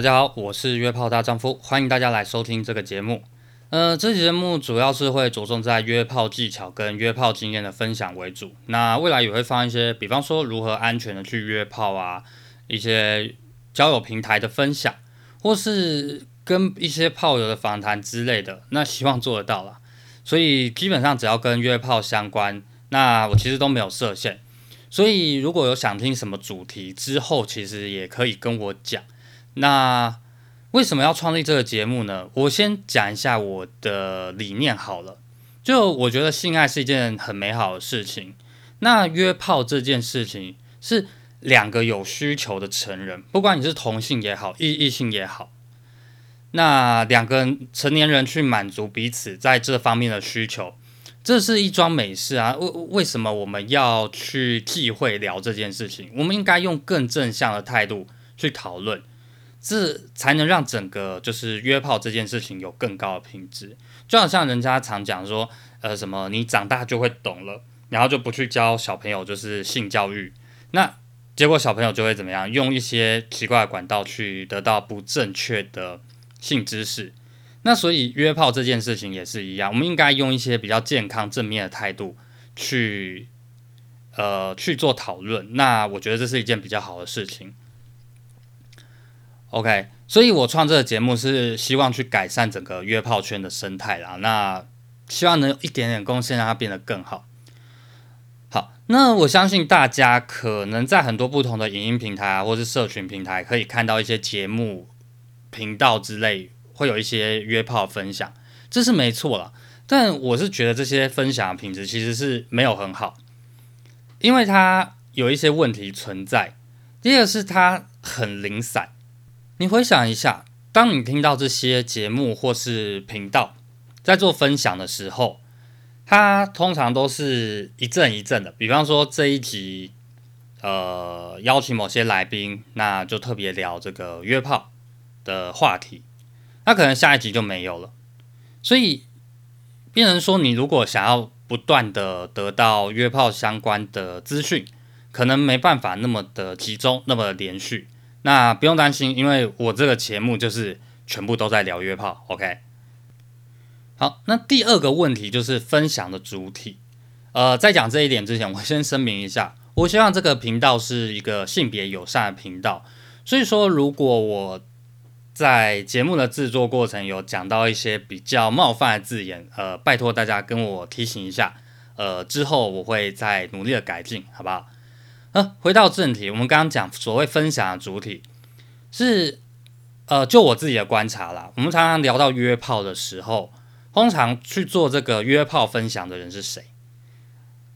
大家好，我是約炮大丈夫，歡迎大家來收聽這個節目。呃，這節目主要是會着重在約炮技巧跟約炮經驗的分享為主。那未來也會放一些，比方說如何安全地去約炮啊，一些交友平台的分享，或是跟一些炮友的訪談之類的。那希望做得到啦。所以基本上只要跟約炮相關，那我其實都沒有設限。所以如果有想聽什麼主題，之後其實也可以跟我講。那為什麼要創立這個節目呢？我先講一下我的理念好了。就我覺得性愛是一件很美好的事情。那約炮這件事情是兩個有需求的成人，不管你是同性也好，異異性也好，那兩個成年人去滿足彼此在這方面的需求，這是一樁美事啊。為為什麼我們要去忌諱聊這件事情？我們應該用更正向的態度去討論。這才能讓整個就是約炮這件事情有更高的品質，就好像人家常講說，呃，什麼你長大就會懂了，然後就不去教小朋友就是性教育，那結果小朋友就會怎麼樣，用一些奇怪的管道去得到不正確的性知識，那所以約炮這件事情也是一樣，我們應該用一些比較健康正面的態度去，呃，去做討論，那我覺得這是一件比較好的事情。OK，所以，我創這個節目是希望去改善整個約炮圈的生態啦。那希望能有一點點貢獻，讓它變得更好。好，那我相信大家可能在很多不同的影音平台、啊、或是社群平台，可以看到一些節目、頻道之類，會有一些約炮分享，這是沒錯啦。但我是覺得這些分享的品質其實是沒有很好，因為它有一些問題存在。第二個是它很零散。你回想一下，當你聽到這些節目或是頻道在做分享的時候，它通常都是一陣一陣的。比方說，這一集，呃，邀請某些來賓，那就特別聊這個約炮的話題，那可能下一集就沒有了。所以，變成說你如果想要不斷的得到約炮相關的資訊，可能沒辦法那麼的集中，那麼的連續。那不用擔心，因為我這個節目就是全部都在聊約炮，OK？好，那第二個問題就是分享的主題。呃，在講這一點之前，我先聲明一下，我希望這個頻道是一個性別友善的頻道。所以說，如果我在節目的製作過程有講到一些比較冒犯的字眼，呃，拜託大家跟我提醒一下，呃，之後我會再努力的改進，好不好？呃，回到正題，我們剛剛講所謂分享的主體是，呃，就我自己的觀察啦。我們常常聊到約炮的時候，通常去做這個約炮分享的人是誰？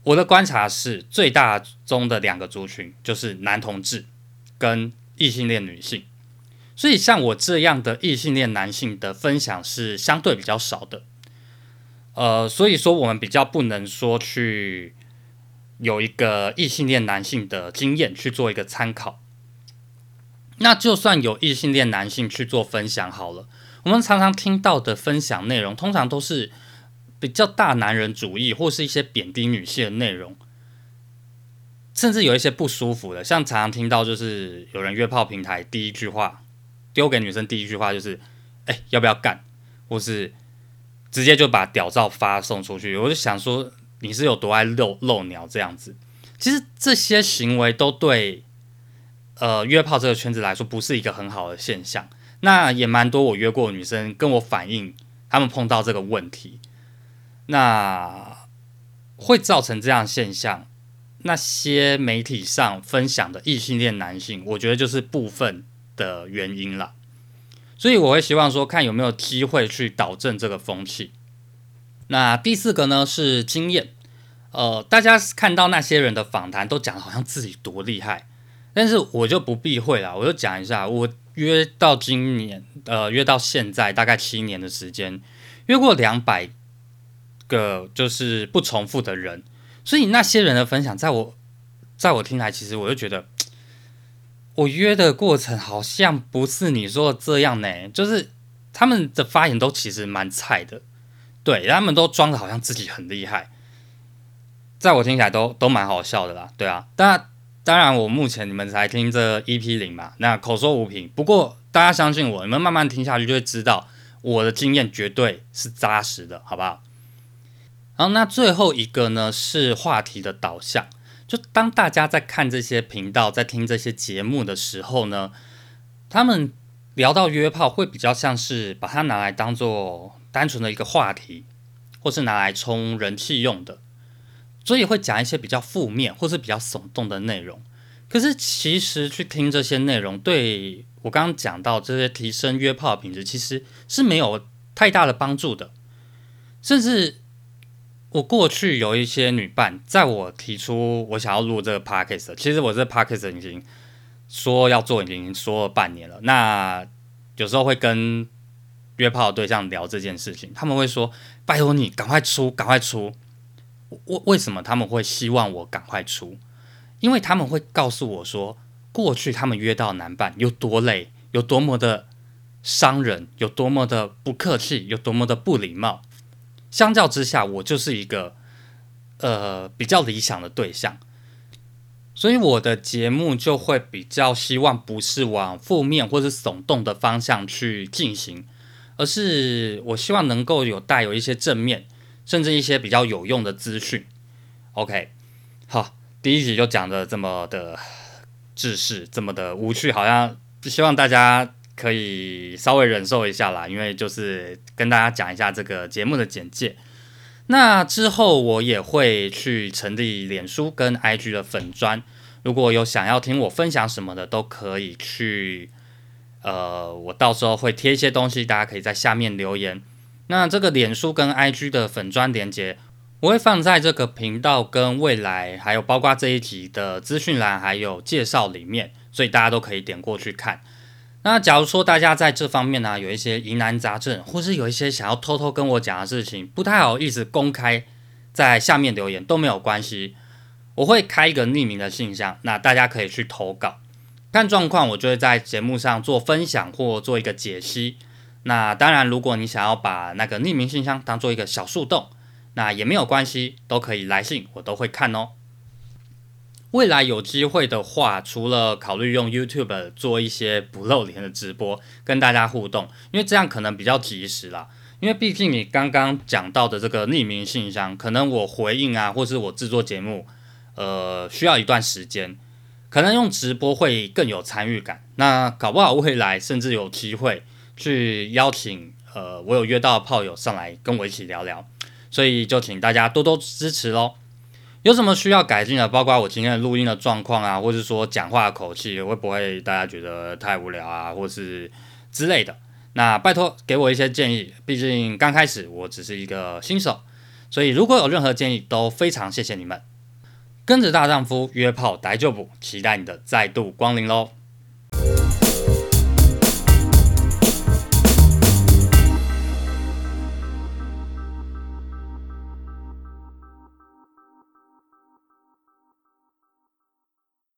我的觀察是，最大宗的兩個族群就是男同志跟異性戀女性，所以像我這樣的異性戀男性的分享是相對比較少的。呃，所以說我們比較不能說去。有一個異性戀男性的經驗去做一個參考，那就算有異性戀男性去做分享好了。我們常常聽到的分享內容，通常都是比較大男人主義，或是一些貶低女性的內容，甚至有一些不舒服的，像常常聽到就是有人約炮平台第一句話丟給女生，第一句話就是“哎，要不要幹？”或是直接就把屌照發送出去。我就想說。你是有多愛露露鳥這樣子？其實這些行為都對，呃，約炮這個圈子來說不是一個很好的現象。那也蠻多我約過的女生跟我反映，他們碰到這個問題，那會造成這樣現象。那些媒體上分享的異性戀男性，我覺得就是部分的原因了。所以我會希望說，看有沒有機會去導正這個風氣。那第四個呢是經驗，呃，大家看到那些人的訪談都講的好像自己多厲害，但是我就不避諱了，我就講一下，我約到今年，呃，約到現在大概七年的時間，約過兩百個就是不重複的人，所以那些人的分享，在我，在我聽來，其實我就覺得，我約的過程好像不是你說的這樣呢、欸，就是他們的發言都其實都蠻菜的。對，他們都裝得好像自己很厲害，在我聽起來都都蠻好笑的啦，對啊，當然當然，我目前你們才聽這 EP 零嘛，那口說無憑，不過大家相信我，你們慢慢聽下去就會知道我的經驗絕對是扎實的，好不好？然後那最後一個呢是話題的導向，就當大家在看這些頻道，在聽這些節目的時候呢，他們聊到約炮會比較像是把它拿來當做。單純的一個話題，或是拿來充人氣用的，所以會講一些比較負面或是比較聳動的內容。可是其實去聽這些內容，對我剛剛講到這些提升約炮品質，其實是沒有太大的幫助的。甚至我過去有一些女伴，在我提出我想要錄這個 podcast，其實我這 podcast 已經說要做，已經說了半年了。那有時候會跟。約炮對象聊這件事情，他們會說：“拜託你趕快出，趕快出。”我為為什麼他們會希望我趕快出？因為他們會告訴我說，過去他們約到男伴有多累，有多麼的傷人，有多麼的不客氣，有多麼的不禮貌。相較之下，我就是一個呃比較理想的對象，所以我的節目就會比較希望不是往負面或是聳動的方向去進行。而是我希望能夠有帶有一些正面，甚至一些比較有用的資訊。OK，好，第一集就講的這麼的制式，這麼的無趣，好像希望大家可以稍微忍受一下啦，因為就是跟大家講一下這個節目的簡介。那之後我也會去成立臉書跟 IG 的粉專，如果有想要聽我分享什麼的，都可以去。呃，我到時候會貼一些東西，大家可以在下面留言。那這個臉書跟 IG 的粉專連結，我會放在這個頻道跟未來，還有包括這一集的資訊欄還有介紹裡面，所以大家都可以點過去看。那假如說大家在這方面呢、啊、有一些疑難雜症，或是有一些想要偷偷跟我講的事情，不太好意思公開在下面留言都沒有關係，我會開一個匿名的信箱，那大家可以去投稿。看狀況，我就會在節目上做分享，或做一個解析。那當然，如果你想要把那個匿名信箱當做一個小樹洞，那也沒有關係，都可以來信，我都會看哦。未來有機會的話，除了考慮用 YouTube 做一些不露臉的直播跟大家互動，因為這樣可能比較及時啦。因為畢竟你剛剛講到的這個匿名信箱，可能我回應啊，或是我製作節目，呃，需要一段時間。可能用直播會更有參與感，那搞不好未來甚至有機會去邀請，呃，我有約到的炮友上來跟我一起聊聊，所以就請大家多多支持咯，有什麼需要改進的，包括我今天的錄音的狀況啊，或者說講話的口氣會不會大家覺得太無聊啊，或是之類的，那拜托給我一些建議。畢竟剛開始我只是一個新手，所以如果有任何建議，都非常謝謝你們。跟着大丈夫，約炮大丈夫，期待你的再度光臨嘍！